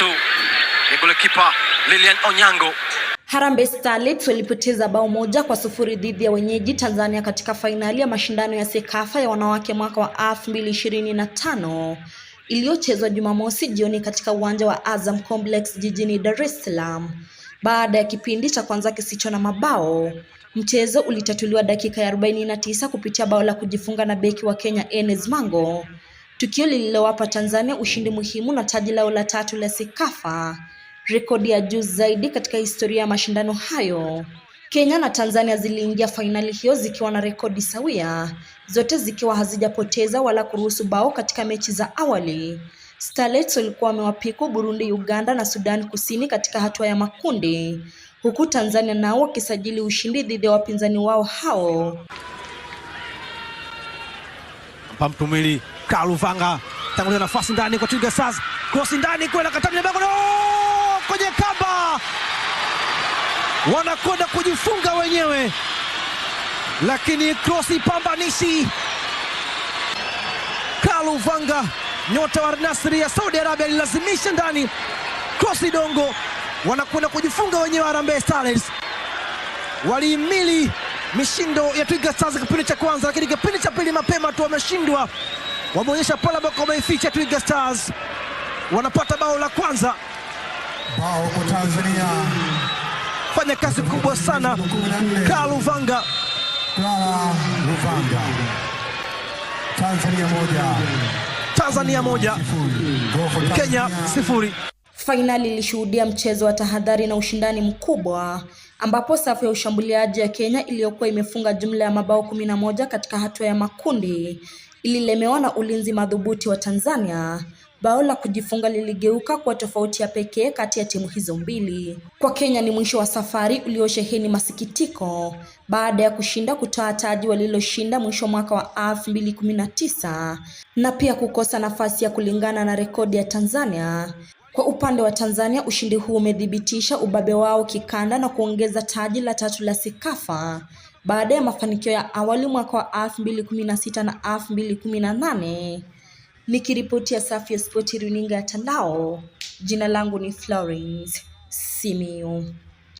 tatu ni golikipa Lilian Onyango. Harambee Starlets walipoteza bao moja kwa sufuri dhidi ya wenyeji Tanzania katika fainali ya mashindano ya Sekafa ya wanawake mwaka wa 2025 iliyochezwa Jumamosi jioni katika uwanja wa Azam Complex jijini Dar es Salaam. Baada ya kipindi cha kwanza kisicho na mabao, mchezo ulitatuliwa dakika ya 49 kupitia bao la kujifunga na beki wa Kenya Enes Mango tukio lililowapa Tanzania ushindi muhimu na taji lao la tatu la Sekafa, rekodi ya juu zaidi katika historia ya mashindano hayo. Kenya na Tanzania ziliingia fainali hiyo zikiwa na rekodi sawia, zote zikiwa hazijapoteza wala kuruhusu bao katika mechi za awali. Starlets walikuwa wamewapiku Burundi, Uganda na Sudan Kusini katika hatua ya makundi, huku Tanzania nao wakisajili ushindi dhidi ya wapinzani wao hao. Pamtumili Kaluvanga tangulia nafasi ndani kwa Twiga Stars, cross ndani kwenda Katani Bango, kwenye kamba, wanakwenda kujifunga wenyewe, lakini cross ipambanishi. pambanishi. Vanga, nyota wa Al Nassr ya Saudi Arabia alilazimisha ndani cross dongo, wanakwenda kujifunga wenyewe. Harambee Stars walihimili mishindo ya Twiga Stars kipindi cha kwanza, lakini kipindi cha pili mapema tu wameshindwa wameonyesha pale ambako wameificha Twiga Stars, wanapata bao la kwanza. Bao kwa Tanzania, fanya kazi kubwa sana Kaa Luvanga, Kaa Luvanga. Tanzania moja, Tanzania moja, Kenya sifuri. Fainali ilishuhudia mchezo wa tahadhari na ushindani mkubwa ambapo safu ya ushambuliaji ya Kenya iliyokuwa imefunga jumla ya mabao kumi na moja katika hatua ya makundi ililemewa ulinzi madhubuti wa Tanzania. Bao la kujifunga liligeuka kuwa tofauti ya pekee kati ya timu hizo mbili. Kwa Kenya ni mwisho wa safari uliosheheni masikitiko baada ya kushinda kutoa taji waliloshinda mwisho mwaka wa 2019 na pia kukosa nafasi ya kulingana na rekodi ya Tanzania kwa upande wa Tanzania, ushindi huu umethibitisha ubabe wao kikanda na kuongeza taji la tatu la sikafa baada ya mafanikio ya awali mwaka wa 2016 na 2018. Nikiripoti ya safi ya runinga ya Tandao, jina langu ni Florence Simiyu.